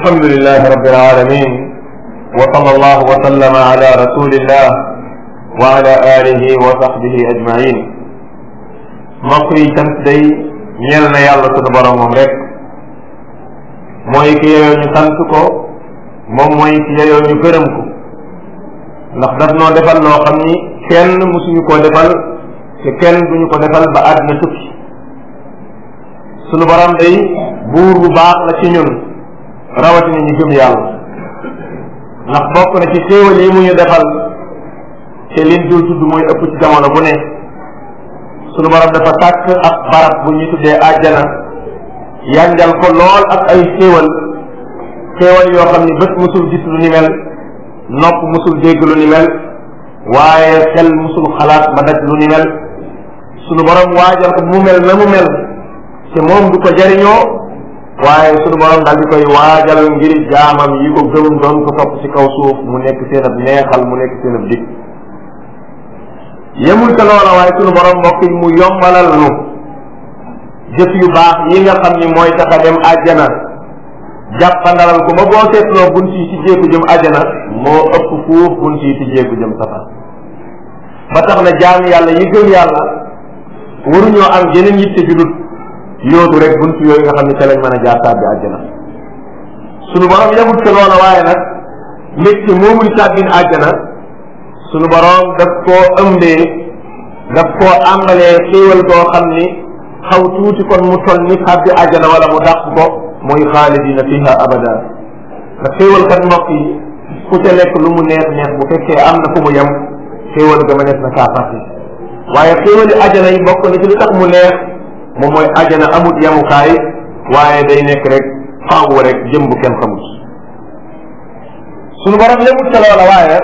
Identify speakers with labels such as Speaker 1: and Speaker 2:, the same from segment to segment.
Speaker 1: alhamdulilah rabbil alamin wa sallallahu wa sallama ala rasulillah wa ala alihi wa sahbihi ajmain mbokk yi cant day ñeel na yàlla sunu borom moom rek mooy ki yeyoo ñu sant ko moom mooy ki yeyoo ñu gërëm ko ndax daf noo defal loo xam ni kenn musuñu koo defal te kenn duñu ko defal ba àddina tukki sunu borom day buur bu baax la ci ñun rawatina ñu gëm yàlla ndax bokk na ci xéewal yi mu ñu defal te liñ dul tudd mooy ëpp ci jamono bu ne sunu borom dafa tàkk ak barab bu ñuy tuddee àjjana yànjal ko lool ak ay xéewal xéewal yoo xam ni bët musul gis lu ni mel nopp musul dégg lu ni mel waaye xel musul xalaat ba daj lu ni mel sunu borom waajal ko mu mel na mu mel te moom du ko jariñoo waaye sunu borom daal di koy waajal ngir jaamam yi ko gëm doon ko topp ci kaw suuf mu nekk seen ab neexal mu nekk seen ab dig yemul ca loola waaye sunu borom mbokk yi mu yombalal nu jëf yu baax yi nga xam ni mooy tax a dem àjjana jàppandalal ko ba boo seetloo bunt yi ci jéegu jëm àjjana moo ëpp fuuf bunt yi ci jéegu jëm safar ba tax na jaam yàlla yi gëm yàlla waruñoo am yeneen yitte ju yootu rek bunt yooyu nga xam ne ca lañ na a jaar tàbbi àjjana sunu borom yemul ca waaye nag nit ki moomuy tàbbin àjjana sunu borom daf koo ëmbee daf koo àmbalee xéewal goo xam ni xaw tuuti kon mu toll ni tàbbi àjjana wala mu dàq ko mooy xaalidina fiha abada ndax xéewal kat mbokk yi ku lu mu neex neex bu fekkee am na fu mu yem xéewal ga ma neex na kaa fàtte waaye xéewali yi bokk na ci li tax mu neex moom mooy ajana amut yamukaay waaye day nekk rek faaw rek jëm bu kenn xamut suñu borom yemut ca loola waaye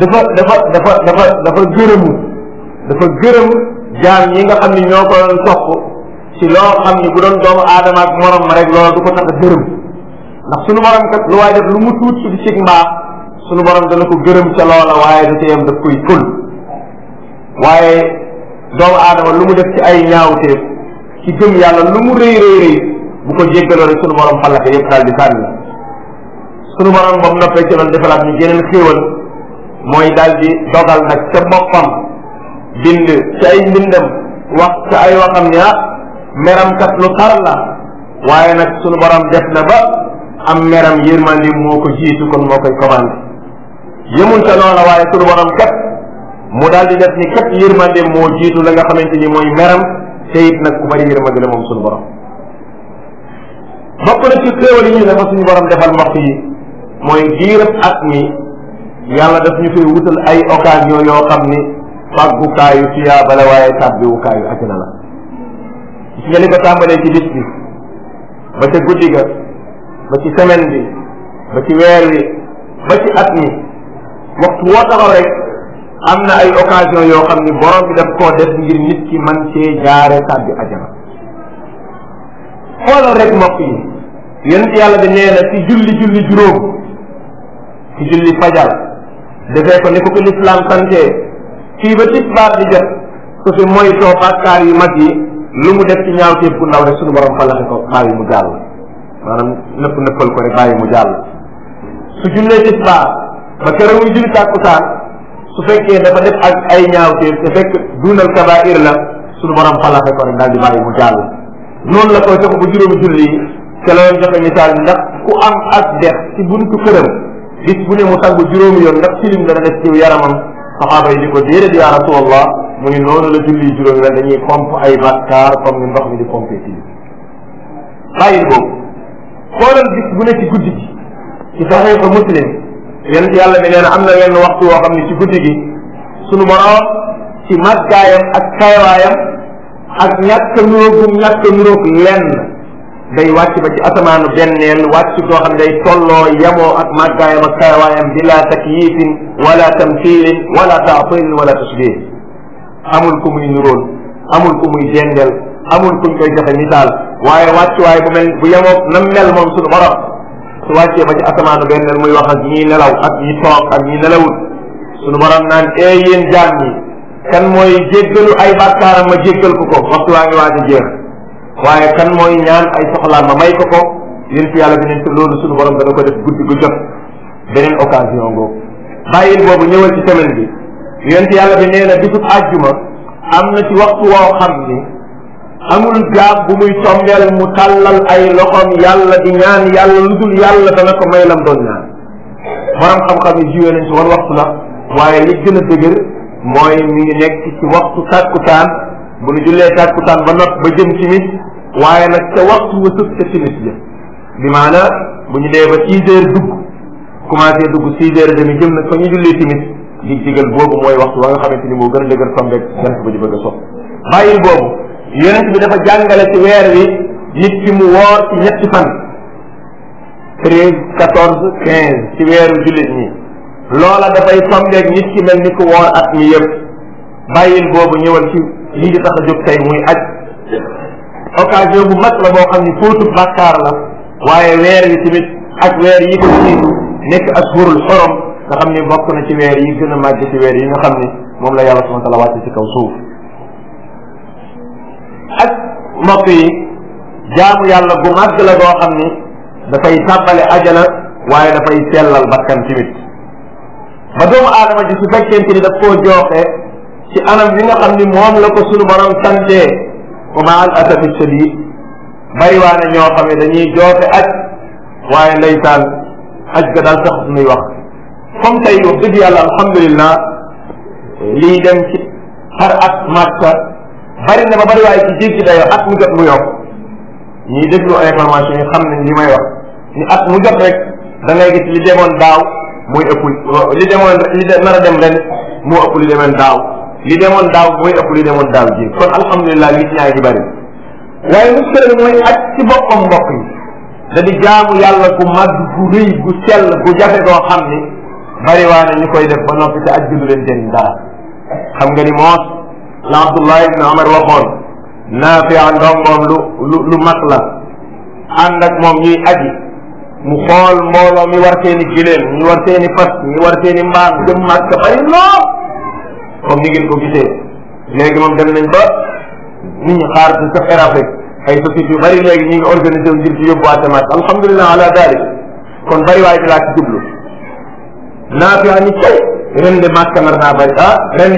Speaker 1: dafa dafa dafa dafa dafa gërëm dafa gërëm jaam yi nga xam ni ñoo ko doon topp ci loo xam ni bu doon doomu aadama ak morom ma rek loolu du ko tax a gërëm ndax suñu borom kat lu lu mu tuut ci cig mbaax suñu ko gërëm ca loola waaye da ca yem daf koy ful waaye doomu adama lu mu def ci ay ñaawteef ci gëm yàlla lu mu rëy bu ko jéggaloo rek sunu borom xalaat yëpp daal di sunu borom ba mu noppee ci loolu defalaat ñu geneen mooy daal di dogal nag ca boppam bind ci ay mbindam wax ci ay waxam ne ah meram kat lu tar waaye nag sunu borom def na ba am meram yërmande moo ko jiitu kon moo koy commandé yëmul ca loola waaye sunu borom kat mu daal di def ni kat yërmande moo jiitu la nga xamante ni mooy meram. te it nag ku bëri yërmande la moom suñu borom bokk na ci xéewal yi ñu dafa suñu borom defal mbokk yi mooy diirab at mi yàlla daf ñu fay wutal ay occasion yoo xam ni faggukaayu fiyaa bala waaye tàbbiwukaayu ajana la gis nga li ko tàmbalee ci bis bi ba ca guddi ba ci semaine bi ba ci weer wi ba ci at mi waxtu woo taxaw rek am na ay occasion yoo xam ni borom bi daf koo def ngir nit ki man cee jaare tàbbi ajana xoolal rek mbokk yi yonent yàlla bi nee na ci julli julli juróom ci julli fajar defee ko ni ko ko lislaam sante fii ba tisbaar di jot su fi mooy too bàkkaar yu mag yi lu mu def ci ñaawteef bu ndaw rek suñu borom falaxe ko bàyyi mu jàll maanaam nëpp nëppal ko rek bàyyi mu jàll su jullee tisbaar ba keroog muy julli tàkkusaan su fekkee dafa def ak ay ñaawteef te fekk dunal kabair la suñu borom xalaate ko rek daal di bàyyi mu jàll noonu la koy jox bu juróomi julli yi te loolu joxe misaal ndax ku am ak dex ci buntu këram bis bu ne mu sangu juróomi yoon ndax tilim dana def ci yaramam saxaaba yi di ko déedéet yaa rasulallah mu ni noonu la julli juróomi la dañuy pomp ay bakkaar comme ni ndox mi di pompé tilim bàyyi boobu xoolal bis bu ne ci guddi gi ci saxiixa muslim yonent yàlla bi nee na am na wenn waxtu woo xam ne ci guddi gi sunu boroom ci màggaayam ak xeewaayam ak ñàkk nuróogum ñàkk nuróog lenn day wàcc ba ci asamaanu benneel wàcc koo xam ne day tolloo yemoo ak màggaayam ak xeewaayam bila takyifin wala tamthilin wala taatilin wala tashbih amul ku muy nuróol amul ku muy dendeel amul kuñ koy joxe misaal bu mel nam mel sunu boroom su wàccee ba ci asamaanu benn muy wax ak ñi nelaw ak ñi toog ak ñi nelawul sunu borom naan ee yéen jaam ñi kan mooy jéggalu ay bàkkaaram ma jéggal ko ko waxtu waa ngi waaj jeex waaye kan mooy ñaan ay soxlaam ma may ko ko yéen ci yàlla dinañ ko loolu sunu borom dana ko def guddi gu jot beneen occasion boobu bàyyil boobu ñëwal ci semaine bi yéen ci yàlla bi nee na bisub àjjuma am na ci waxtu woo xam ni amul jaab bu muy tombeel mu tàllal ay loxoom yàlla di ñaan yàlla lu dul yàlla ko may lam doon ñaan borom xam-xam yi jiwee wan waxtu la waaye li gën a dëgër mooy mi ngi nekk ci ku tàkkutaan bu nu jullee tàkkutaan ba nopp ba jëm timit waaye nag ca waxtu wa sëf ca timis ja bi maana bu ñu dee ba six heures dugg commencé dugg six heures demi jëm nag fa ñu jullee timis dig digal boobu mooy waxtu wa nga xamante ni moo gën a dëgër tombeeg jant ba ji bëgg yonent bi dafa jàngale ci weer wi nit ki mu woor ci ñetti fan treize quatorze quinze ci weeru jullit ñi loola dafay sombeeg nit ki mel ni ku woor at mi yëpp bàyyil boobu ñëwal ci lii di tax a jóg tey muy aj occasion bu mat la boo xam ni fóotu bàkkaar la waaye weer wi tamit ak weer yi ko jiitu nekk ashurul xorom nga xam ni bokk na ci weer yi gën a màgg ci weer yi nga xam ni moom la yàlla subhanahu wa taala wàcc ci ak mbokk yi jaamu yàlla bu màgg la doo xam ni dafay tàmbale ajana waaye dafay sellal bakkan tamit ba doomu aadama ji su fekkente ni daf koo jooxe ci anam bi nga xam ni moom la ko sunu borom santee wa ma al asafi shadid bariwaane ñoo xam ne dañuy jooxe aj waaye lay aj ga daal sax nuy wax comme tey wax dëgg yàlla alhamdulillah liy dem ci xar ak màkka bari na ba bari waaye ci jéggi at mu jot mu yokk ñiy déglu information yi xam nañ li may at mu jot rek da ngay gis li demoon daaw mooy ëpp li demoon li nar a dem ren moo ëpp daaw li demoon daaw mooy ëpp li demoon daaw ji kon alhamdulilah nit ñaa ngi bari waaye mu kër mooy at ci boppam mbokk yi da di jaamu yàlla gu màgg gu gu sell gu jafe goo xam ni bari waa na koy def ba noppi te aj du leen jëriñ dara xam nga moos la abdullah ibn amar waxoon naafi a ndongoom lu lu lu mag la ànd ak moom ñuy aji mu xool mbooloo mi war seeni giléem ñu war seeni fas ñu war seeni mbaam jëm màkka bari lool comme ni ngeen ko gisee léegi moom dem nañ ba ni ñi xaar si sax Afrique yu bari léegi ñu ngi organisé wu ngir ci yóbbuwaate màkk alhamdulilah kon bari waay bi laa ci jublu naafi a ni cay ren de màkka nar bari ah ren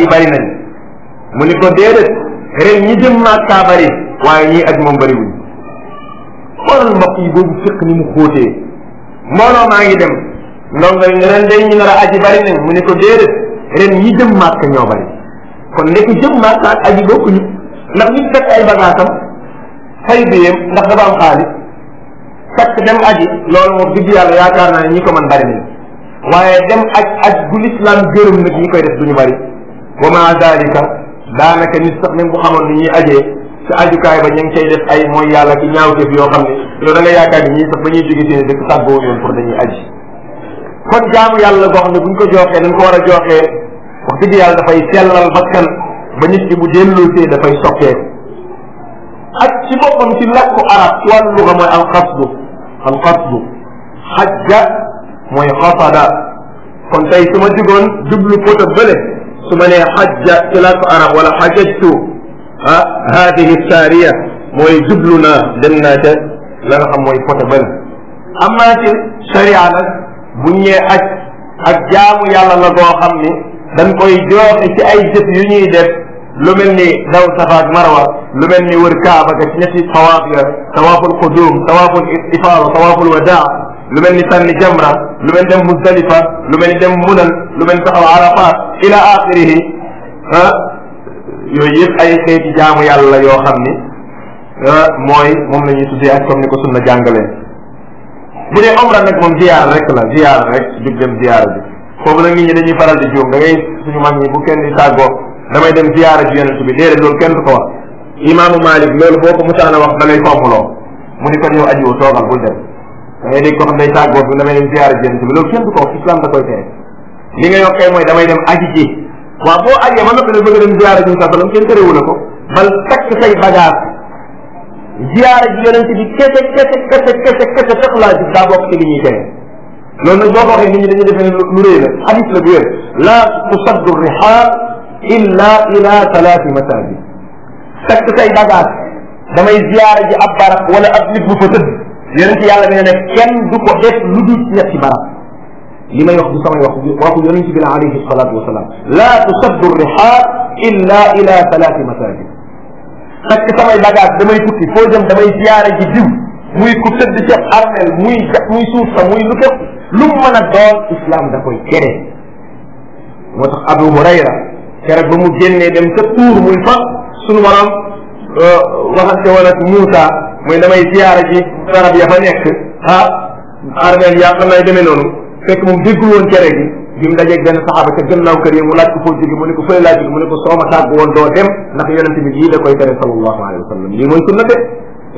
Speaker 1: yi bari nañ mu ni ko déedéet ren ñi jëm Makka bari waaye ñii ak moom bariwuñ xoolal mbokk yi boobu fekk ni mu xóotee mbooloo maa ngi dem ndongo yi ren day ñu nar a aji bari nañ mu ni ko déedéet ren ñi jëm Makka ñoo bari kon nekk jëm Makka ak aji bokkuñu ndax nit fekk ay bagaasam fay biyeem ndax dafa am xaalis fekk dem aji loolu moom dëgg yàlla yaakaar naa ne ñi ko mën bari nañ waaye dem aj aj bu lislaam gërëm nag ñi koy def duñu bari wa ma daanaka nit sax même bu xamoon ni ñuy ajee sa ajukaay ba ñu ngi cay def ay mooy yàlla ki ñaawteef yoo xam ne loolu da nga yaakaar ni ñii sax ba ñuy jóge seen dëkk tàggoo yoon pour dañuy aji kon jaamu yàlla boo xam ne bu ñu ko joxee dañ ko war a joxee wax dëgg yàlla dafay ba bakkan ba nit ki bu delloosee dafay sokkee ak ci boppam ci làkku arab ci wàllu luga mooy alqasdu alqasdu xajja mooy xasada kon tey su ma jugoon jublu pota bële su ma nee xajja ci làkku arab wala xajajtu ah haadihi saariya mooy jublu naa dem naa la nga mooy poto bële am naa ci sharia nag aj ak jaamu yàlla la goo xam ni dañ koy joxe ci ay jëf yu ñuy def lu mel ni daw safa marwa lu mel ni wër kaaba ga ci ñetti tawaaf ya tawaaful qudum tawaaful ifaada tawaaful wadaa lu mel ni jamra lu mel ni dem muzdalifa lu mel ni dem munal lu mel ni taxaw arafat ila axirihi ah yooyu yëpp ay xeeti jaamu yàlla la yoo xam ni mooy moom la ñuy tuddee ak comme ni ko sunna jàngalee bu dee omra nag moom ziyaar rek la ziyaar rek jug dem ziyaar bi foofu nag nit ñi dañuy faral di juum da ngay suñu mag ñi bu kenn di tàggoo damay dem ziyaara ji yonent bi déedéet loolu kenn du ko wax imaamu Malik loolu boo ko musaana wax da lay fommuloo mu ni kon yow aji wu toogal bul dem da ngay dégg ko xam day tàggoo bi damay dem ziyaara ji li nga yokkee mooy damay dem aji ji waaw boo ajee ma noppi nag bëgg dem ziyaara ji sa salam kenn ko bal takk say bagage ziyaara ji yonent bi kese kese kese kese kese sax laa gis daa bokk ci li ñuy jëlee loolu boo ko waxee nit ñi dañuy defee lu rëy la hadith la a wér la tusaddu rihaal illa ila talaati masajid takk say bagage damay ziyaara ji ab barab wala ab nit bu fa tëdd yonent yàlla nee na kenn du ko def lu dul ci ñetti li may wax du samay wax waxu yonent bi la alayhi salaatu wasalaam laa tusaddu rihaal illa ila salaati masajid takk samay bagage damay tukki foo jëm damay ziyaare ji diw muy ku tëdd ca armel muy ja muy suuf sa muy lu képp lu mu mën a doon islam da koy tere moo tax Abu Hurayra keroog ba mu génnee dem ca tuur muy fa sunu waram euh, waxante woon ak Muusa muy damay ziyaare ji barab ya fa nekk ah armel yaa xam naa demee noonu fekk moom déggul woon cere gi bi mu dajeeg benn saxaaba ca gannaaw kër yi mu laaj ko foo jóge mu ne ko fële laa jóge mu ne ko soo ma tàgg woon doo dem ndax yonente bi yii da koy tere sallallahu alayhi wa sallam lii mooy sunna de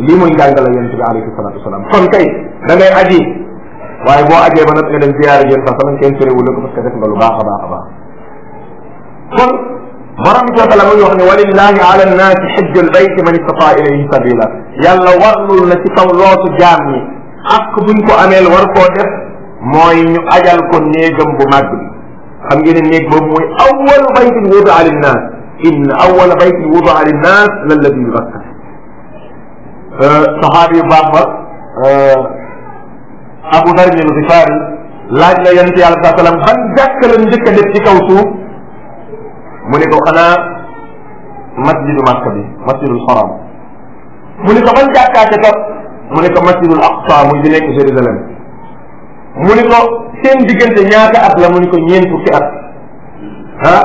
Speaker 1: lii mooy njàngale yonente bi alayhi salatu wasalaam kon kay da ngay aji waaye boo ajee ba nag nga dem ziyaare yéen sax sax kenn terewul ko parce que def nga lu baax a baax a baax kon borom bi taala muy wax ne walillahi ala i xijju lbayti man istataa ilayhi sabila yàlla warlul na ci kaw lootu jaam yi ak buñ ko ameel war koo def mooy ñu ajal ko néegam bu màgg bi xam ngeen ne néeg boobu mooy awwal baytin wudi'a linnaas in awwal baytin wudi'a linnaas lalladi bi Bakka saxaabi yu baax ba Abu Dar al-Ghifari laaj la yonent yàlla saa salaam ban jàkka la njëkk a def ci kaw suuf mu ne ko xanaa masjidu Makka bi masjidul Haram mu ne ko ban jàkkaa ca topp mu ne ko masjidul Aqsa muy di nekk Jérusalem mu ni ko seen diggante ñaata at la mu ni ko ñeent fukki at ah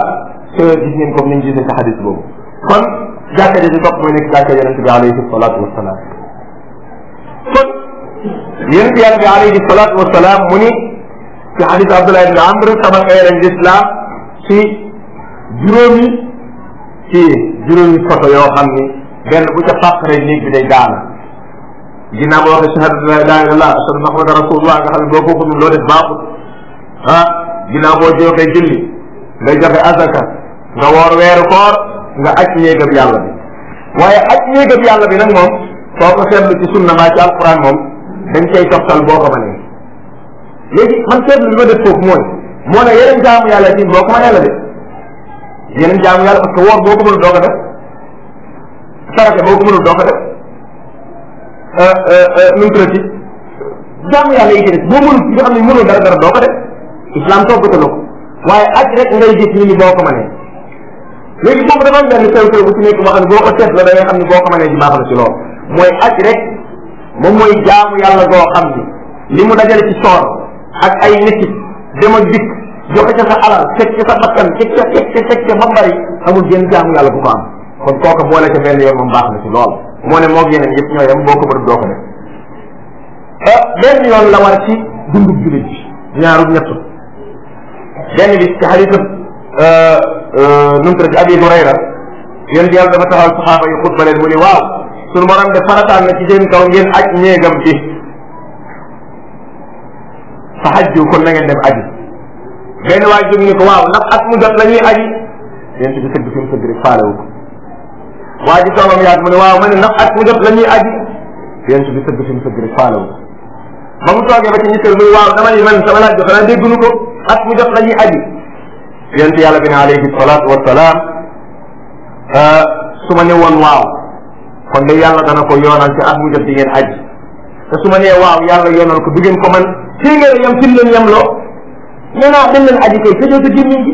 Speaker 1: te gis ngeen comme ni ñu gisee ci xadis boobu kon jàkka ja di topp mooy nekk jàkka yonente bi alayhi salaatu wasalaam kon yonente yàlla bi alayhi salaatu wasalaam mu ni ci xadis Abdullah ibn Amr sama eran l'islam ci juróomi ci juróomi photo yoo xam ni benn bu ca fàq rek néeg bi day daana ginnaaw boo waxee shahadatu la ilaha illallah ashhadu muhammadu rasulullah nga xam ne boo ko xamul loo def baaxul ah ginnaaw boo joxee julli nga joxe azaka nga woor weeru koor nga aj néegam yàlla bi waaye aj néegam yàlla bi nag moom soo ko seetlu ci sunna maa ci alquran moom dañ koy toftal boo ko mënee léegi man seetlu li ma def mooy moo ne yeneen jaamu yàlla yi boo ko mënee la de yeneen jaamu yàlla parce que woor boo ko mënul doo ko def sarate boo ko mënul doo ko Euh, euh, euh, nu mu tuddati jaamu yàlla yi ci des boo mënul xam ne mënul dara dara doo ko def islam toggatoo na ko waaye aj rek ngay gis nit boo ko mënee léegi boobu dafa am benn sew sew bu ci nekk boo xam ne boo ko seet xam ne boo ko na ci loolu mooy aj rek moom mooy jaamu yàlla goo xam ni li mu dajale ci soor ak ay nit dem ak dikk joxe ca sa alal teg ca sa bakkan teg ca teg ca teg amul genn jaamu yàlla bu ko am kon kooka boole ca benn yoon moom baax na ci lool moo ne moog yeneen yëpp ñoo yem boo ko mënut doo ko def ah benn yoon la war ci dundu jullit bi ñaarul ñett benn bi ci xadiis euh, euh, nu mu Abi Hurayra yéen yàlla dafa taxaw saxaaba yi xutba leen mu ne waaw sunu borom de farataan na ci seen kaw ngeen aj ñeegam bi fa xajju kon na ngeen dem aji benn waa jóg waaw mu jot la ñuy aji yéen bi sëgg fi mu sëgg rek waa ji toogam yaag mu ne waaw ma ne ndax at mu jot la ñuy aji yonent bi sëgg fi mu sëgg rek faalawu mu toogee ba ci ñitteel muy waaw dama ne man sama laaj bi xanaa déggunu ko at mu jot la ñuy aji yonent yàlla bi ne alayhi salaatu wasalaam ah, su ma ne woon waaw kon de yàlla dana ko yoonal ci a mu jot di ngeen aji te su ma nee waaw yàlla yoonal ko du ngeen ko man fii ngeen yem fi mu leen yem loo nee naa dem leen aji kay tëjoo sa gémmiñ gi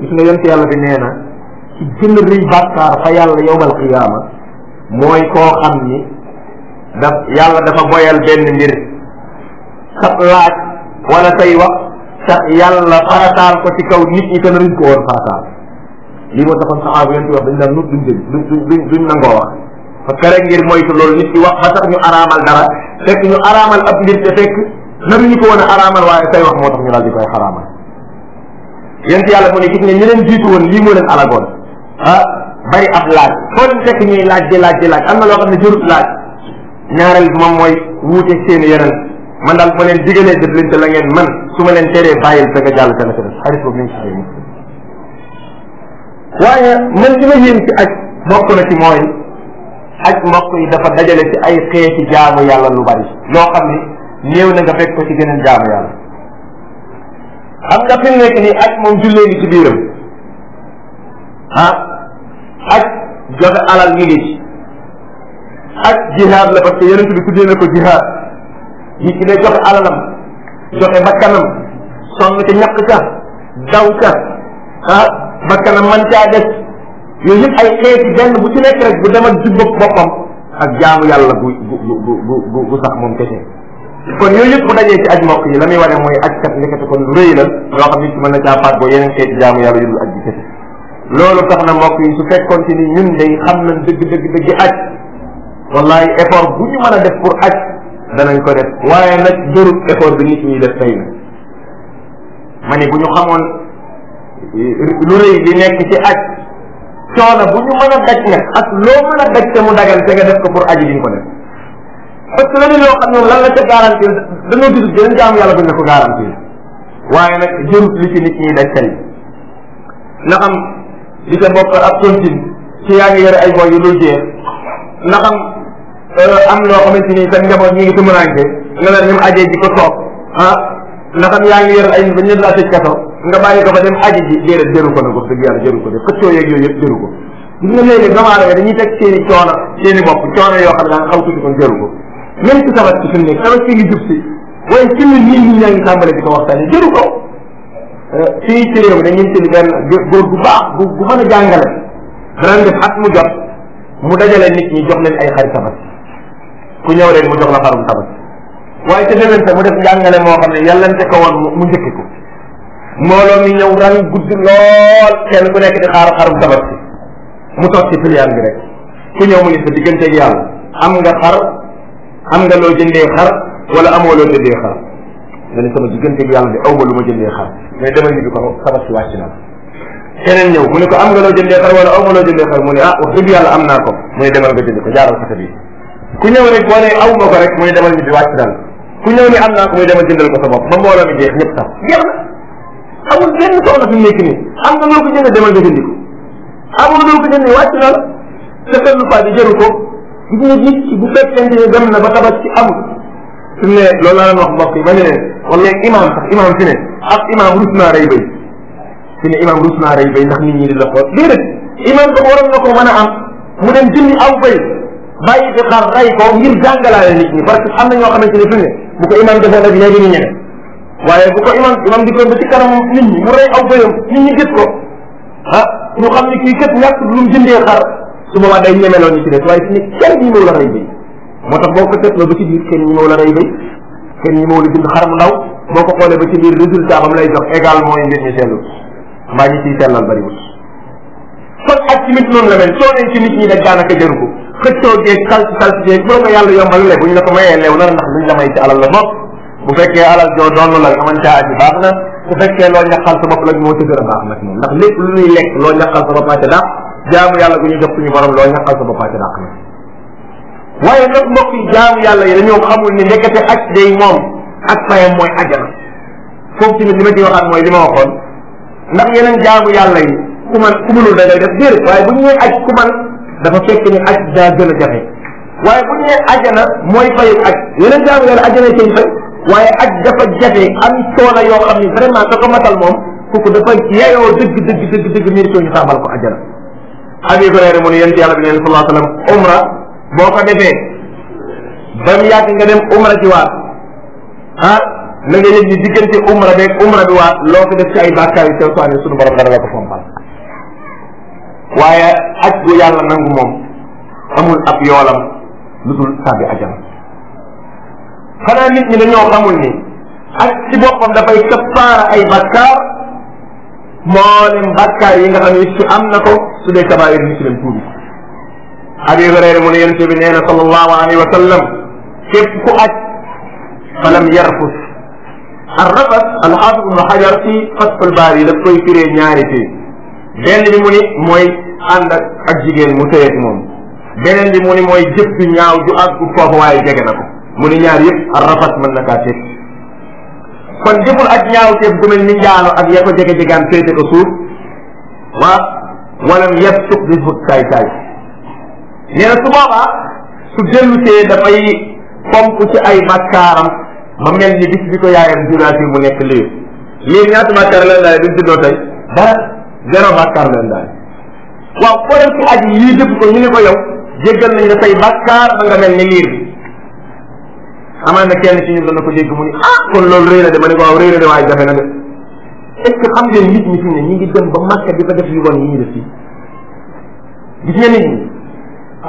Speaker 1: gis nga yonent yàlla bi nee na ci gën a rëy bàkkaar fa yàlla yowmal qiyaama mooy koo xam ni daf yàlla dafa boyal benn mbir sab laaj wala say wax sa yàlla farataal ko ci kaw nit ñi te nañ ko woon farataal lii moo taxoon saxaaba yonent wax dañ naan nut duñ dégg duñ duñ duñ nangoo wax parce que rek ngir moytu loolu nit ñi wax ba tax ñu araamal dara fekk ñu araamal ab mbir te fekk naruñu ko woon a araamal waaye say wax moo tax ñu daal di koy xaraamal yonent yàlla mu ne gis ne ñi leen jiitu woon lii moo leen alagoon ah bari ab laaj foo leen fekk ñuy laaj di laaj di laaj am na loo xam ne jurut laaj ñaareel bi moom mooy wuute seen yeneen man daal ma leen digalee def leen la ngeen man su ma leen teree bàyyil fekk jàll te la ko boobu lañ si waaye man li ma yéen ci aj bokk na ci mooy aj mbokk yi dafa dajal ci ay xeeti jaamu yàlla lu bari loo xam ni néew na nga ko ci geneen jaamu yàlla xam nga fi mu nekk nii moom jullee ngi ci biiram ah joxe alal ñu ngi ak jihaad la parce que yonent bi tuddee na ko jihaad nit ki day joxe alalam joxe bakkanam sonn ca ñàkk ca daw ca ah bakkanam man caa des yooyu yëpp ay xeeti benn bu ci nekk rek bu demal ak jubbab boppam ak jaamu yàlla bu bu bu bu bu sax moom kese kon yooyu yëpp bu dajee ci aj mbokk yi la muy wane mooy aj kat nekkati kon rëy la loo xam ne ci mën na caa faat boo yeneen xeeti jaamu yàlla yu dul aj loolu tax na mbokk yi su fekkoon ci ni ñun day xam nañ dëgg dëgg dëgg aj wallahi effort bu ñu mën a def pour aj danañ ko def waaye nag jërut effort bi nit ñuy ma ne bu ñu xamoon lu rëy li nekk ci aj coono bu ñu mën ak loo mën a daj te mu dagal ko pour ko def parce que leneen loo xam ne lan la waaye nag jërut li ci nit ñuy daj tey na xam di ca bokk ak tontine ci yaa ngi yore ay boy yu dul jeex na xam euh, am loo xamante ni seen njaboot ñi ngi tumuraanke nga leen ñoom ajee ji ko toog ah na yaa ngi yore ay nit ba ñëpp laa tëj kaso nga bàyyi ko fa dem aji ji déedéet jëru ko nag wax dëgg yàlla jëru ko de xëccoo yëpp jëru ko gis nga léegi doomu aadama dañuy teg seen i bopp coono yoo xam ne daanga xaw tuuti ko jëru ko même si sabat si suñu ngi jub si waaye ci nit ñi ñaa ngi tàmbale di ko waxtaane jëru ko fii ci réew mi dañuy benn góor bu baax bu gu mën jàngale danañ def at mu jot mu dajale nit ñi jox lañ ay xari tabaski ku ñëw leen mu jox la xarum tabaski waaye ca déwén mu def njàngale moo xam ne yàllante ko woon mu njëkki ko mbooloo mi ñëw ran gudd lool kenn ku nekk di xaar xarum tabaski mu toog ci piliyaan bi rek ku ñëw mu ni sa gi yàlla am nga xar am nga loo jëndee xar wala amoo loo jëndee xar nga ne sama digganteeg yàlla bi aw ma lu ma jëndee xar mais demal ñibbi ko xabar si wàcc na keneen ñëw mu ne ko am nga loo jëndee xar wala aw ma loo jëndee xar mu ne ah wax dëgg yàlla am naa ko mu ne demal nga jënd ko jaaral sa bi ku ñëw rek boo ne aw ma ko rek mu ne demal ñibbi wàcc na ku ñëw ni am naa ko muy demal jëndal ko sa bopp ba mbooloo mi jeex ñëpp sax jeex na amul benn soxla fi mu nekk nii am nga loo ko jënd demal nga jëndi ko amul loo ko jënd wàcc na la sa fellu pas bi jëru ko gis nga nit ki bu fekkente ne dem na ba tabaski amul su ne loolu laa leen wax mbokk yi ba ne wala imaam sax imaam fi ne ak imaam rus naa rey bay fi ne imaam rus naa bay ndax nit ñi di la xool déedéet imaam ko waroon na ko a am mu dem aw bay bàyyi ko xar rey ko ngir jàngalaale nit ñi parce am na ñoo xamante ne fi ne bu ko imaam defoon rek léegi ñu ñene waaye bu ko imaam di ko ba ci kanam nit ñi mu rey aw bayam nit ñi gis ko ah ñu xam ne kii kat ñàkk lu mu jëndee xar su boobaa day ñemeloon ñu ci des waaye fi ne kenn ñi mu la rey moo tax boo ko seetloo ba ci biir kenn ñi moo la rey kenn ñi moo la bind mu ndaw boo ko xoolee ba ci biir résultat ba mu lay jox égal mooy mbir ñu sellu mbaa ñi ciy sellal bariwul kon ak tamit noonu la mel soo nee ci nit ñi nag daanaka jëru ko xëccoo geeg salti salti geeg boo ko yàlla yombal le bu ñu la ko mayee leew na ndax luñ la may ci alal la bopp bu fekkee alal joo doon la nga mën caa baax na bu fekkee loo ñaqal sa bopp la moo ci gën a baax ndax lépp lu ñuy lekk loo ñaqal sa bopp maa ca yàlla gu ñu jox suñu borom loo ñaqal sa bopp waaye nag mbokk yi jaamu yàlla yi dañoo xamul ni ndekete aj day moom ak fayam mooy ajana foofu tamit li ma ci waxaat mooy li ma waxoon ndax yeneen jaamu yàlla yi ku man ku mënul da ngay def dér waaye bu ñu nee aj ku man dafa fekk ni aj daa gën a jafe waaye bu ñu nee ajana mooy fayu aj yeneen jaamu yàlla ajana seen fay waaye aj dafa jafe am coono yoo xam ni vraiment ka ko matal moom kooku dafa yeyoo dëgg dëgg dëgg dëgg mérito ñu sàmmal ko ajana abi Hurayra mu ne yonent yàlla bi neen boo ko defee ba mu yàgg nga dem umra ci waat ah na nga yëg ni diggante umra beeg umra bi waat loo ko def ci ay bàkkaar yu sew soo ne suñu borom dana la ko fompal waaye aj bu yàlla nangu moom amul ab yoolam lu dul sàbbi ajam xanaa nit ñi dañoo xamul ni ak ci boppam dafay kappaara ay bàkkaar moo leen yi nga xam ne su am na ko su dee kabaayir muslim tuubi abi hurayra mu ne yonent bi nee na sallallahu alayhi wa sallam képp ku aj falam yarfus arrafas alxaafis ibnu xajar ci fatul baar yi daf koy firee ñaari fii benn bi mu ni mooy ànd ak ak jigéen mu tëyeeg moom beneen bi mu ni mooy ñaaw ju àggu foofu waaye jege na ko mu ni yëpp arrafas mën na kaa teg kon jëful ak ñaaw teef gu mel ni njaalo ak ya ko jege jegaan féete ko suuf waa walam yab suq di nee na su boobaa su dellusee dafay pomp ci ay bàkkaaram ba mel ni bis bi ko yaayam juraati mu nekk liir liir ñaata bàkkaar leen daal duñ tuddoo tey dara zéro bàkkaar leen daal waaw ko dem ci aji yii dëpp ko ñu ne ko yow jéggal nañ la say bàkkaar ba nga mel ni liir bi amaan na kenn ci ñun dana ko dégg mu ni ah kon loolu rëy na de ma ne ko waaw rëy na de waaye jafe na de est-ce que xam ngeen nit ñi fi ñu ngi dem ba màkk di fa def yu bon yi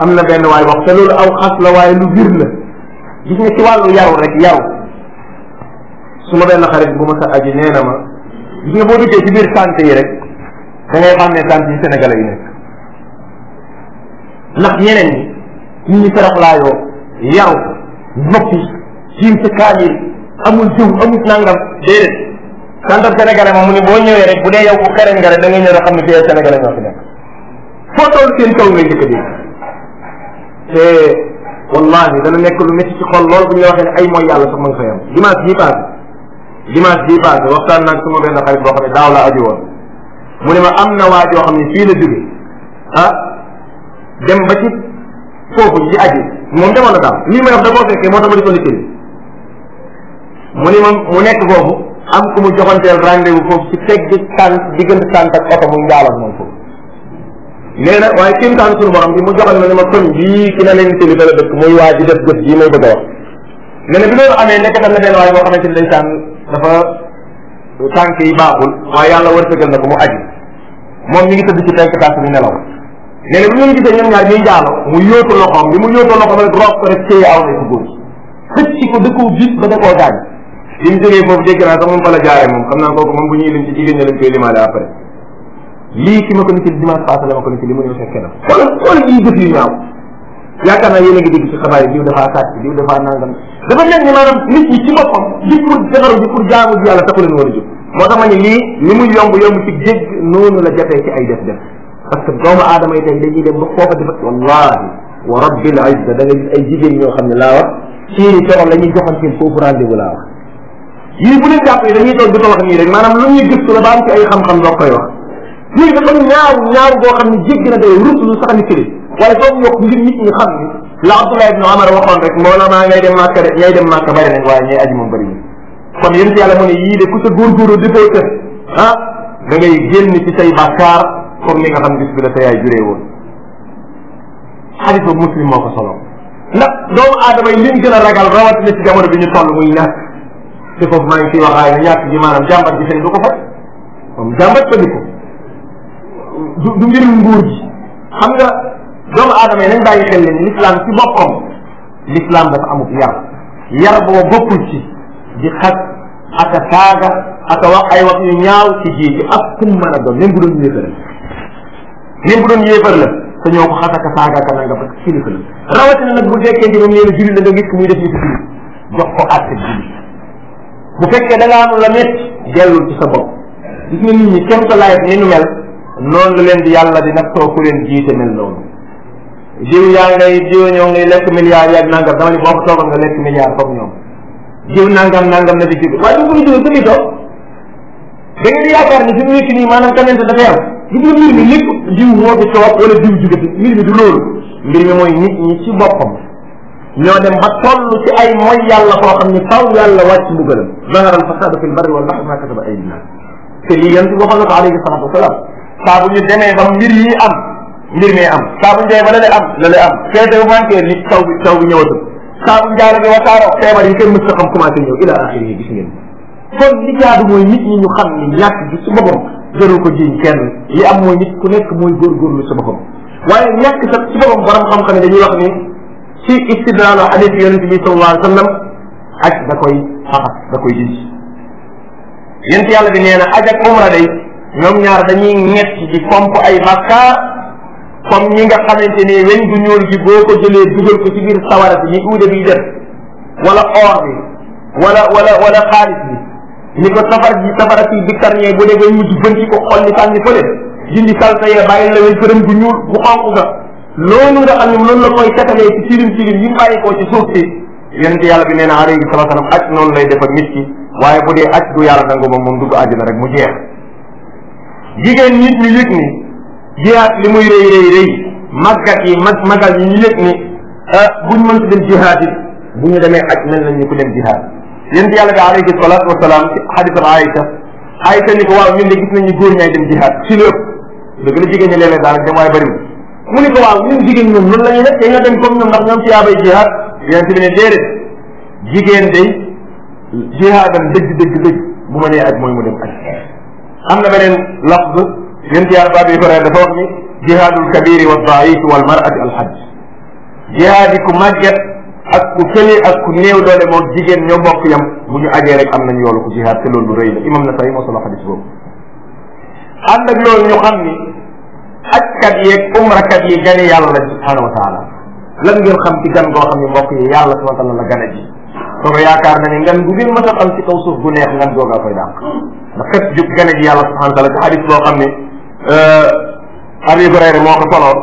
Speaker 1: am na benn waay wax te loolu aw xas la waaye lu la gis nga ci wàllu yaru rek yaru su ma benn xarit bu ma sa na ma gis nga boo duggee ci biir sant yi rek da ngay xam ne sant yi sénégalais yi nekk ndax ñeneen ñi nit ñi saraxlaayoo yaru noppi jiim sa kaamil amul jiw amul nangam déedéet santam sénégalais moom mu ne boo ñëwee rek bu dee yow ku xereñ nga rek da ngay ñëw rek xam ne fii ay sénégalais ñoo fi nekk foo toll seen kaw te wallahi dana nekk lu métti ci xol lool bu ñu waxee ne ay mooy yàlla sax ma nga fay am dimanche bii passé dimanche bii passé waxtaan naa ak sama benn xarit boo xam ne daaw laa aju mu ne ma am na waa joo xam ne fii la jóge ah dem ba ci foofu ci aji moom demoon na daal lii may wax da koo fekkee moo tax ma di ko liggéey mu ne ma mu nekk foofu am ku mu joxanteel rendez-vous foofu ci teg di tànn diggante tànn ak oto mu njaalal moom nee na waaye kéemtaan suñu borom bi mu joxal ma ne ma kon bii ki na leen tëli fa la muy waa ji def gëf may bëgg a wax nee na bi loolu amee nekk tam na benn waaye boo xamante ni ndeysaan dafa tànk yi baaxul waaye yàlla wërsëgal na ko mu aji moom mi ngi tëdd ci penk tas bi nelaw nee na bi ñu gisee ñoom ñaar ñuy jaalo mu yóotu loxoom bi mu yóotu loxoom rek rob ko rek aw na ko góor ko da koo bis ba da koo gaañ bi mu jógee foofu dégg naa sax moom fa la jaaree moom xam lañ koy limaale après lii ki ma ko nit dimanche passé la ma ko nit li mu ñëw fekkee na xoolal xoolal yi yu ñaaw yaakaar naa yéen a ngi dégg ci xabaar yi diw dafaa sàcc diw dafaa nangam dafa nekk ni maanaam nit ñi a jóg moo tax ma ne lii li muy yomb yomb ci jégg noonu la jafee ci ay def def parce que doomu aadama yi tey dañuy dem ba foofa defa wallahi wa rabbil da nga gis ay jigéen ñoo xam ne laa wax ciini coxam la ñuy joxan seen foofu rendez-vous laa wax yii bu yi dañuy toog di ko wax nii rek maanaam lu ñuy gëstu la ba am ci ay xam-xam doo koy wax yooyu dafa ñaaw ñaaw boo xam ne jéggi na day rus lu sax ni tëri waaye foog yokk ngir nit ñi xam ni la Abdullah ibn Omar waxoon rek mbooloo maa ngay dem màkk de ngay dem màkk bari nañ waaye ñay aji moom bëri na kon yéen si yàlla mu ne yii de ku sa góorgóorlu defoo te ah da ngay génn ci say bàkkaar comme ni nga xam gis bi la sa yaay juree woon xadis boobu muslim moo ko solo ndax doomu aadama yi liñ gën a ragal rawatina ci jamono bi ñu toll muy ñàkk te foofu maa ngi ciy waxaay ne ñàkk gi maanaam jàmbat gi seen du ko faj moom jàmbat ko di ko du du nguur gi xam nga doomu aadama yi nañ bàyyi xel leen l'islam ci boppam l'islam dafa amut yar yar boo bokkul ci di xas ak a saaga ak a wax ay wax yu ñaaw ci ji ak kum a doon même bu doon la même bu doon la te ñoo ko xas ak a saaga ak a nanga parce que kilifa la rawatina nag bu fekkee ni moom nee na la nga gis ko muy def ñu ko julli jox ko àtte julli bu fekkee da nga amul la métti dellul ci sa bopp gis nga nit ñi kenn ko laayet ni nu mel noonu la leen di yàlla di nattoo ku leen jiite mel noonu jiw yaa ngay jiw ñoo ngi lekk milliards yaag nangam dama ni boo ko toogoon nga lekk milliards comme ñoom jiw nangam nangam na di jiw waaye du ko jiw du muy toog da ngeen di yaakaar ni fi mu nekk nii maanaam tamit dafa yàlla lu dul mbir mi lépp jiw moo fi toog wala jiw jóge fi mbir mi du loolu mbir mi mooy nit ñi ci boppam ñoo dem ba toll ci ay mooy yàlla koo xam ne faw yàlla wàcc mbugalam zahara al fasadu fil barri wal bahri ma kasaba aydina te lii yan ci waxoon na ko alayhi salatu wasalaam saa bu ñu demee ba mbir yi am mbir mi am ba lale am am feete bu manqué ni taw bi taw bi ñëwatul saa bu njaara bi wasaaroo feebar yi kenn mës a xam commencé ñëw ila axiri yi gis ngeen kon li jaadu mooy nit ñi ñu xam ni ñàkk gi su boppam jarul ko jiñ kenn li am mooy nit ku nekk mooy góorgóorlu sa boppam waaye ñàkk sax su boppam dañuy wax ni ci istidlaal hadis yonente bi sallallahu alayhi wa sallam da koy faxas da koy dindi yent yàlla bi nee na aj ak umra day ñoom ñaar dañuy ñett di pomp ay bàkkaar kom ñi nga xamante ne weñ gu ñuul gi boo ko jëlee dugal ko ci biir sawara bi ni uude bi def wala or bi wala wala wala xaalis bi ni ko safar ji safara si bictarñee bu dee bay mujj gën ci ko xool ni sànni fële dindi salte ya bàyyi la weñ këram gu ñuul bu xonq nga loolu nga xam ne loolu la koy tetalee ci tilim tilim yi bàyyi koo ci suuf si yonent yàlla bi nee na alayhi salatu salaam aj noonu lay def ak nit ki waaye bu dee aj du yàlla nangu ma moom dugg àjjana rek mu jeex jigéen nit ñu yëg ni jihaat li muy rëy rëy rëy màggat yi mag magal yi ñu yëg ni ah, buñ mënta dem jihaat it bu ñu demee aj mel nañ ñu ko dem jihaat yéen yàlla bi alayhi salaatu wasalaam ci xadisam Aïcha Aïcha ni ko waaw ñun de gis nañu góor ñaay dem jihaat si lépp dëgg la jigéen ñi léeg-léeg daanaka dem waaye bëriwul mu ni ko waaw ñun jigéen ñoom noonu la ñuy def te nga dem comme ñoom ndax ñoom ci yaabay jihaat yonente bi ne déedéet jigéen day jihaadam dëgg dëgg dëgg bu ma nee aj mooy mu dem aj am na beneen lafz yonent yàlla ba bi Hurayra dafa wax ni jihaadul kabiri wa daif wal al hajj jihaad ku màgget ak ku fële ak ku néew doole moom jigéen ñoo bokk yam bu ñu ajee rek am nañ yoolu ku moo solo xadis boobu ànd ak loolu ñu xam ni ajkat yeeg umrakat yi gane yàlla la subhanahu wa taala lan ngeen xam ci gan goo xam ni mbokk yi yàlla subhanahu wa taala na ne ngan bu ngeen mës a am ci kaw suuf bu ndax kat jub gane gi yàlla subhanahu wa taala ci xadis boo xam ne euh, Abi Hurayra moo ko soloo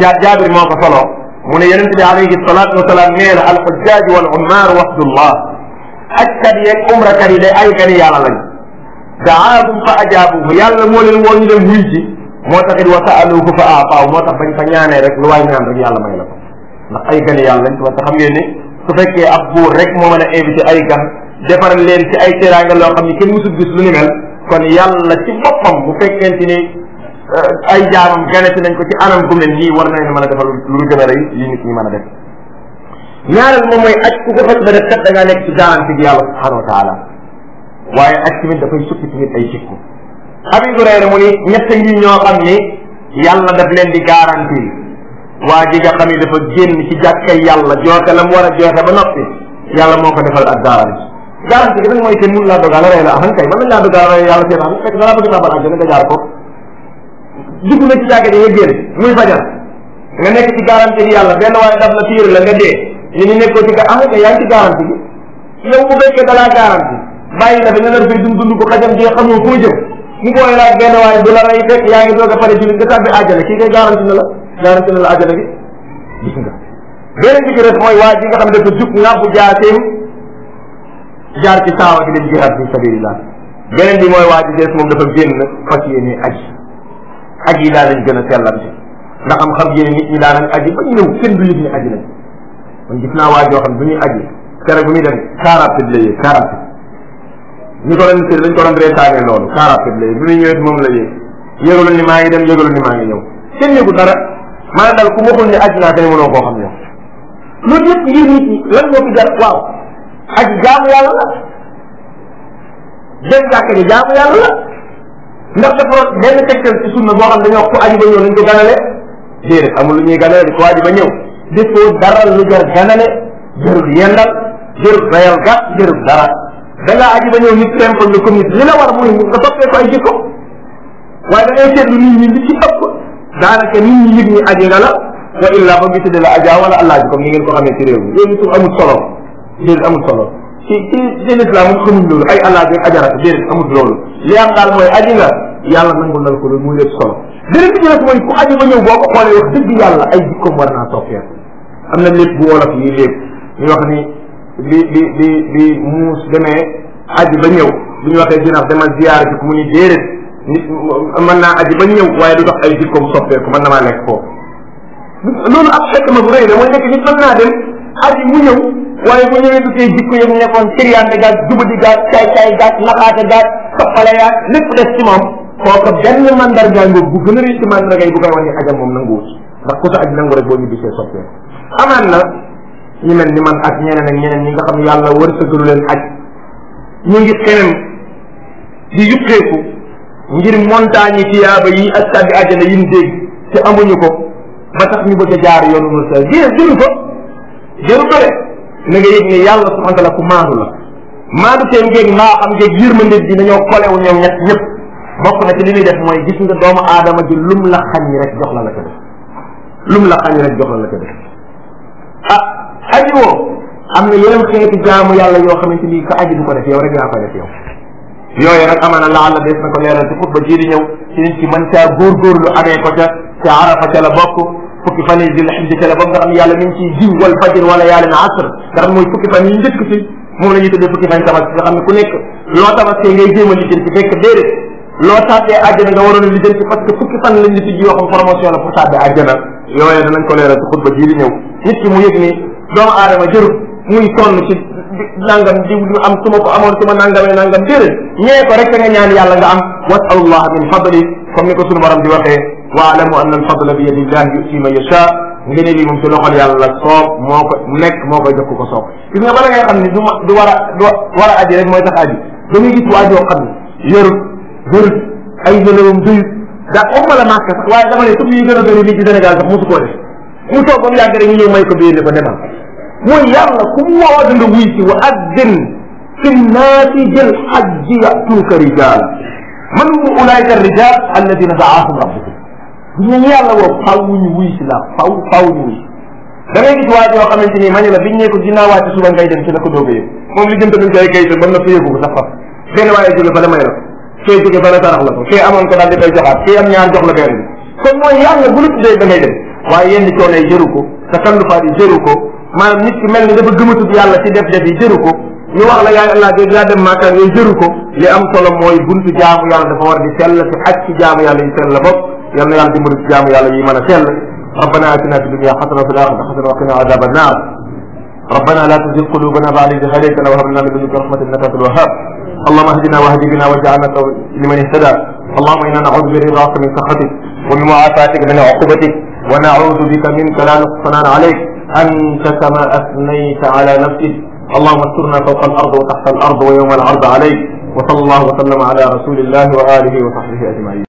Speaker 1: ja jaabir moo ko soloo mu ne yonent bi alayhi salaatu wa salaam nee na al xujjaaj wal ummaar wafdullah ajkat yeeg umrakat yi day ay gani yàlla lañ daahum fa ajaabuhu yàlla moo leen woo ñu dem wuy ci moo tax it wa saaluhu fa aataaw moo tax bañ fa ñaanee rek lu waay ñaan rek yàlla may la ko ndax ay gani yàlla lañ parce que xam ngeen ni su fekkee ab buur rek moo mën a invité ay gan defaral leen ci ay teraanga loo xam ne kenn musul gis lu ni mel kon yàlla ci boppam bu fekkente ni euh, ay jaamam ganati nañ ko ci anam gum leen nii war nañu mën a defal lu gën a rëy nit ñi mën a def ñaareel moom mooy aj ku ko fas ba def kat da ngaa ci garanti bi yàlla subhanahu wa taala waaye aj tamit dafay sukki Abi Hurayra mu ni ñett ngi ñoo xam ni yàlla daf leen di garanti waa ji nga xam ni dafa génn ci jàkkay yàlla joote la mu war a joote ba noppi yàlla moo ko defal ak garanti garanti gi nag mooy kenn mënu laa dogaale rey la axan kay mën nañ laa dogaale rey yàlla seen am fekk dalaa bëgg tàbbal àjjana nga ko dugg na ci jàkka ji nga génn nga nekk ci garanti bi yàlla benn waaye daf la fiir la nga dee ñu ngi nekkoo ci ga ah kay yaa ngi ci garanti bi yow bu fekkee dalaa garanti bàyyi la fi nga nar fay dund dund ko xajam jee xamoo foo jëm mu booy laaj benn waaye du la rey fekk yaa ngi doog a pare julli nga tàbbi kii kay garanti na la garanti na la àjjana bi gis bi ci def mooy waa nga xam ne dafa jug ngàbbu jaaseem jaar ci saawa gi dem jihaad fi sabilillah beneen bi mooy waa i dees moom dafa génn fas yéene aji aji daa lañ gën a sellante ndax am xam yéene nit ñi daa nañ aji ba ñëw kenn du yëg ne aji nañ man gis naa waa joo xam bu ñuy aji keroog bu muy dem quarante la yëg quarante ñu ko doon sëri dañ ko doon reetaane loolu quarante la yëg moom la yëg yëgalu ni maa ngi dem yëgalu ni maa ngi ñëw kenn yëgu dara maanaam daal ku waxul ne aji naa te ne mënoo koo xam ñëw loolu yëpp ngir nit ñi lan waaw ak jaamu yàlla la dem jàkka ji jaamu yàlla la ndax dafa ci sunna boo xam ne dañoo ko aju ba ñëw nañ ganale déedéet amul lu ñuy ganale di ko aju ba ñëw defoo dara lu jar ganale jarul yendal jarul rayal gàtt jarul dara da ngaa aju ba ñëw nit simple le commune li la war muy nga soppee ko ay jikko waaye da ngay seetlu nit ñi li ci ëpp daanaka nit ñi yëg ñu aji nga la wa illa ba ngi tëdd la ajaa wala allah ji comme ni ngeen ko xamee ci réew mi loolu amul solo déedéet amul solo ci ci ci lislaam moom xamuñ loolu ay allah ak amul loolu li am daal mooy aji nga yàlla nangul nal ko loolu muy lépp solo beneen bi ci def mooy ku aji ba ñëw boo ko xoolee wax dëgg yàlla ay am na lépp bu wolof yi lépp ñu wax ni bi bi bi bi muus demee aji ba ñëw bu ñu waxee jinaaf demal ziyaar ji ku mu ni déedéet nit mën naa aji ba ñëw waaye du tax ay jikkoom soppeeku mën na maa nekk foofu loolu ab xekk ma bu rëy la mooy nekk nit mën naa dem aji mu ñëw waaye bu ñëwee duggee jikko yëpp nekkoon siriyaande gaag jubadi gaag caay-caay gaag naxaate gaag soppale yaag lépp des ci moom kooku benn mandargaay boobu bu gën a rëy ci mandargaay bu koy wane ajam moom nanguwut ndax ku sa aj nangu rek boo ñu bisee soppee amaan na ñu mel ni man ak ñeneen ak ñeneen ñi nga xam ne yàlla wërsëgalu leen aj ñu ngi xeneen di yuppeeku ngir montagne yi tiyaaba yi ak tàbbi ajana yi ñu dégg te amuñu ko ba tax ñu bëgg a jaar yoonu mu sa na nga yëg ne yàlla subhanahu wa taala ku maandu la maandu teen géeg ndaa xam géeg yërmande bi dañoo kolewu ñoom ñett ñëpp bokk na ci li muy def mooy gis nga doomu aadama ji lum la xañ rek jox la la ko def lum la rek jox la la def ah aji woo am na yeneen xeeti jaamu yàlla yoo xamante ni ka aji du ko def yow rek yaa ko def yow yooyu nag amaana la àlla des na ko leeral ci xutba jii di ñëw ci nit ki mën caa góorgóorlu amee ko ca ca arafa ca la bokk fukki fan yi zil xijja ca la boobu nga xam ne yàlla mi ngi ciy wal fajr wala asr nga xam fukki fan yi njëkk si moom la ne ku nekk loo tabaski a loo tàbbee àjjana nga waroon a fukki fan lañ la ci jiw waxam promotion la pour tàbbee àjjana yooyu danañ ko leeral xutba jii di ñëw nit ki mu yëg ni doomu aadama jërut ci nangam diw lu am su amoon su ma nangam déedéet ñee ko rek nga ñaan yàlla nga am wasallah min fadli comme ko sunu borom di waxee waalamu anna alfadla bi yadillah yuti man yasha ngëneel yi moom ci loxol yàlla la soob moo ko nekk moo koy jox ko soob gis nga bala ngay xam ni du ma du war a du war a aji rek mooy tax aji da ngay gis waa joo xam ni yorut bërut ay jëlewam doyut daa waxuma la màkk sax waaye dama ne tukki yi gën a bëri nii ci Sénégal sax mosu koo def mu toog ba mu yàgg rek ñu ñëw may ko béy ne ko demal mooy yàlla ku mu woo a dund wuy si wa addin fi naati jël ajji yatuuka rijaala man mu ulaayka rijaal alladina daahum rabbi bu ñu yàlla woo faaw ñu wuy la faaw faaw ñu wuy da ngay gis waa yoo xamante ni ma ne la biñ ne ko dinaa wàcc suba ngay dem ci la ko ko ay kayitam mën na ko yëgu ko sax faf benn waaye jóge bala la kee jóge ko kee amoon ko jox la benn bi la tuddee da ngay dem waaye yenn coono yi jëru ko sa kallufaat yi jëru ko maanaam nit ki mel ni dafa yàlla ci def-def yi jëru ko ñu wax la yaay allah dégg laa dem maaka ngay jëru ko li am solo mooy buntu jaamu yàlla dafa war di sell ci xaj ci jaamu yàlla yi sell la bopp yal na yàlla dimbali ci jaamu yàlla yi mën a sell rabbana atina fi dunya xasana wa fi laaxirati xasana wa qina adaba annaar ربنا لا تزغ قلوبنا بعد إذ هديتنا وهب لنا من لدنك رحمة إنك أنت الوهاب اللهم اهدنا واهد بنا واجعلنا لمن اهتدى اللهم إنا نعوذ برضاك من سخطك ومن معافاتك من عقوبتك ونعوذ بك منك لا نقصان عليك أنت كما أثنيت على نفسك اللهم استرنا فوق الأرض وتحت الأرض ويوم العرض عليك وصلى الله وسلم على رسول الله وآله وصحبه أجمعين